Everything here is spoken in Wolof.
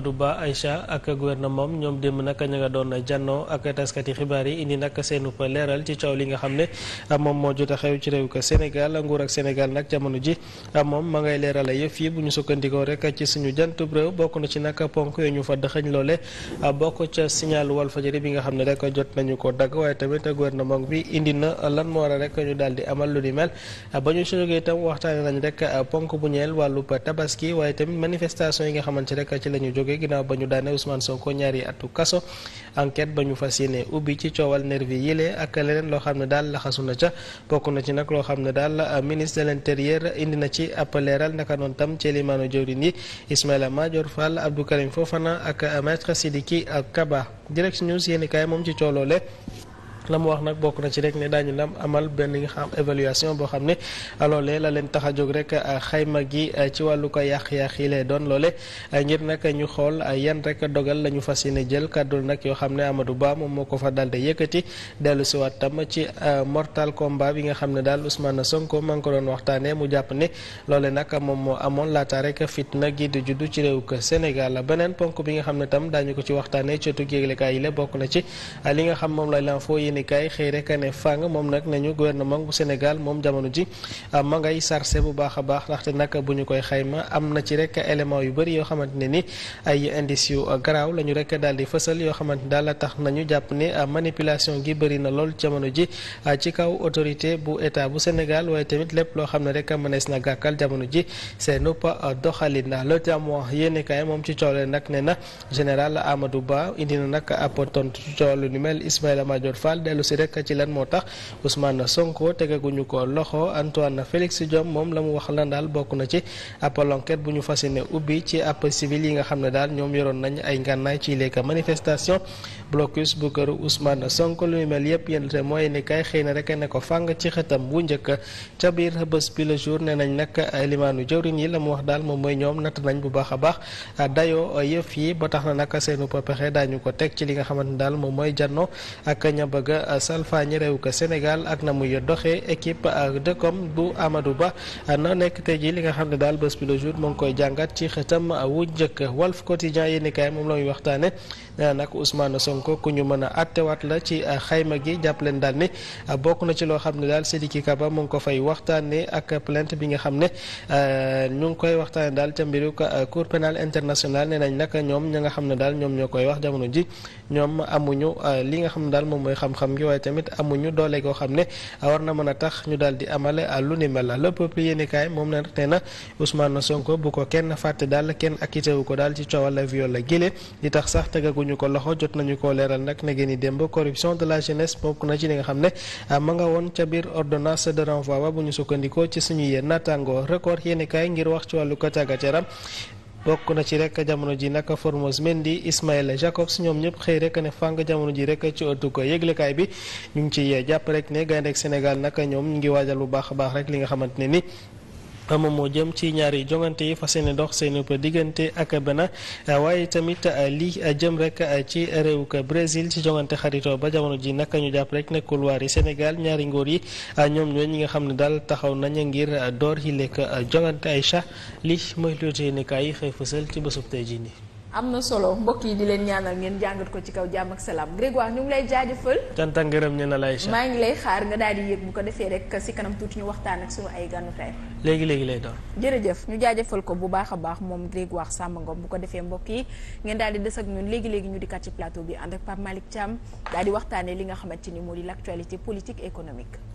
Amadou Ba Aïcha ak gouvernement ñoom démb nag ñu nga doon jànnoo ak taskati xibaar yi indi nag seenu leeral ci coow li nga xam ne moom moo jot a xew ci réew ko Sénégal nguur ak Sénégal nag jamono ji moom ma ngay leeral yëf yi bu ñu sukkandikoo rek ci suñu jantub réew bokk na ci nag ponk yooyu ñu fa dëxañ loole bokk ca signal Walfadjri bi nga xam ne rek jot nañu ko dagg waaye tamit gouvernement bi indi na lan moo war a rek ñu daal di amal lu ni mel ba ñu si jógee itam waxtaane nañ rek ponk bu ñeel jóge ba ñu daane soo ko ñaari atu kaso enquête ba ñu fas yéene ubbi ci coowal nervi yile ak leneen loo xam ne daal laxasu na ca bokk na ci nag loo xam ne daal euh, ministre de l'intérieur indi na ci ab leeral naka noonu tam ci limaano jëwrin yi Ismaïla Madior Fall Abdou Karim Fofana ak euh, maître Sidiki Kaba Direct News yéeni kaay moom ci coow loole la mu wax nag bokk na ci rek ne daañu nam amal benn nga xam évaluation boo xam ne loolee la leen tax a jóg rek euh, xayma gi euh, ci wàllu ko yàq-yàq yi doon loole euh, ngir nag ñu xool yan rek dogal la ñu fas yéene jël kàddul nag yoo xam ne Amadou Ba moom moo ko fa daal yëkkati dellu si waat tam ci mortal combat bi nga xam ne daal Ousmane Sonko maa ngi ko doon waxtaanee mu jàpp ne loole nag moom moo amoon laata rek fitna gi di juddu ci réew ko Sénégal beneen ponk bi nga xam ne tam daañu ko ci waxtaanee ci tukki yëglekaay yi la bokk na ci li nga xam moom lay lan foo yéeni kaay xëy a ne fang moom nag nañu gouvernement bu Sénégal moom jamono ji ah, ma ngay sarse bu baax a baax ndaxte nag bu ñu koy xayma am na ci rek élément yu bëri yoo xamante ne ni ay indice yu la ñu rek daal di fësal yoo xamante daal la tax nañu jàpp ne ah, manipulation gi bëri na lool jamono ji ah, ci kaw autorité bu état bu Sénégal waaye tamit lépp loo xam ne rek mënees na gàkkal jamono ji seen noppa doxalin le témoin yéeni kaay moom ci coole nag ne na général Amadou Ba indi na nag ab tontu ci coolu ni mel Ismaïla Madior Fall Fall dellu si ci lan moo tax Ousmane Sonko tegaguñu ko loxo Antoine Félix Diom moom la mu wax lan daal bokk na ci ab enquête bu ñu fas yéene ubbi ci ab yi nga xam ne daal ñoom yoroon nañ ay ngànnaay ci léegi manifestation blocus bu kër Ousmane Sonko lu mel yëpp yéen te mooy ni kay xëy na rek ne ko fàng ci xëtam bu njëkk ca biir bés bi le jour nee nañ nag limaanu jëwriñ yi la mu wax daal moom mooy ñoom natt nañ bu baax a baax a yëf yi ba tax na nag seenu pexe daañu li nga xamante ne daal moom bëgg a salfaañi réew ko Sénégal ak na muy doxee équipe de com bu Amadou Ba na nekk tey jii li nga xam ne daal bés bi le jour mu ngi koy jàngat ci xëtam wu njëkk Walf Quotidien yéeni kaay moom la muy waxtaane nag Ousmane Sonko ku ñu mën a attewaat la ci xayma gi jàpp leen daal ni bokk na ci loo xam ne daal Sidiki Kaba mu ko fay waxtaane ak plainte bi nga xam ne euh, ñu ngi koy waxtaane daal ca mbiru euh, Cour pénale internationale nañ nag ñoom ña nga xam ne daal ñoom ñoo koy wax jamono ji ñoom amuñu euh, li nga xam ne daal moom mooy xam xam ngi waaye tamit amuñu doole goo xam ne war na mën a tax ñu daal di amale lu ni mel le peuple yéeni kaay moom na nee na Ousmane Sonko bu ko kenn fàtte daal kenn acquitté wu ko daal ci coowal viol la gile di tax sax tegaguñu ko loxo jot nañu ko leeral nag na gën i démb corruption de la jeunesse bokk na ci li nga xam ne ah, ma nga woon ca biir ordonnance de renvoi bu ñu sukkandikoo ci suñu yéen naataango record yéeni kaay ngir wax ci wàllu kacagacaram bokk na ci rek jamono ji nag Formose Mendy Ismail Jacobs ñoom ñëpp xëy rek ne fàng jamono ji rek ci ëttu ko yëglekaay bi ñu ngi ci jàpp rek ne gaynde ak Sénégal nag ñoom ñu ngi waajal bu baax a baax rek li nga xamante ne ni moom moo jëm ci ñaari jongante yi fa yéene dox seen diggante ak Bénin waaye tamit ah, li ah, jëm rek ah, ci réew ka Brésil ci jongante xarito ba jamono ji naka ñu jàpp rek ne couloir yi Sénégal ñaari ngóor yi ñoom ñooy ñi nga xam ne daal taxaw nañu ngir door yi lekk jongante ay cha li mooy loolu yéenekaay yi xëy fësal ci bésub tey jii nii am na solo mbokk yi di leen ñaanal ngeen jàngat ko ci kaw jàmm ak salaam Grégoire ñu ngi lay jaajëfal. cant ak ngërëm ñu ne la Aïcha maa ngi lay xaar nga daal di yéeg bu ko defee rek si kanam tuuti ñu waxtaan ak sunu ay ganu tey. léegi léegi lay doon. jërëjëf ñu jaajëfal ko bu baax a baax moom Grégoire sàmm Ngom bu ko defee mbokk yi ngeen daal di des ak ñun léegi léegi ñu di kat ci plateau bi ànd ak Pape Malick Thiam daal di waxtaanee li nga ci ni moo di l' actualité politique économique.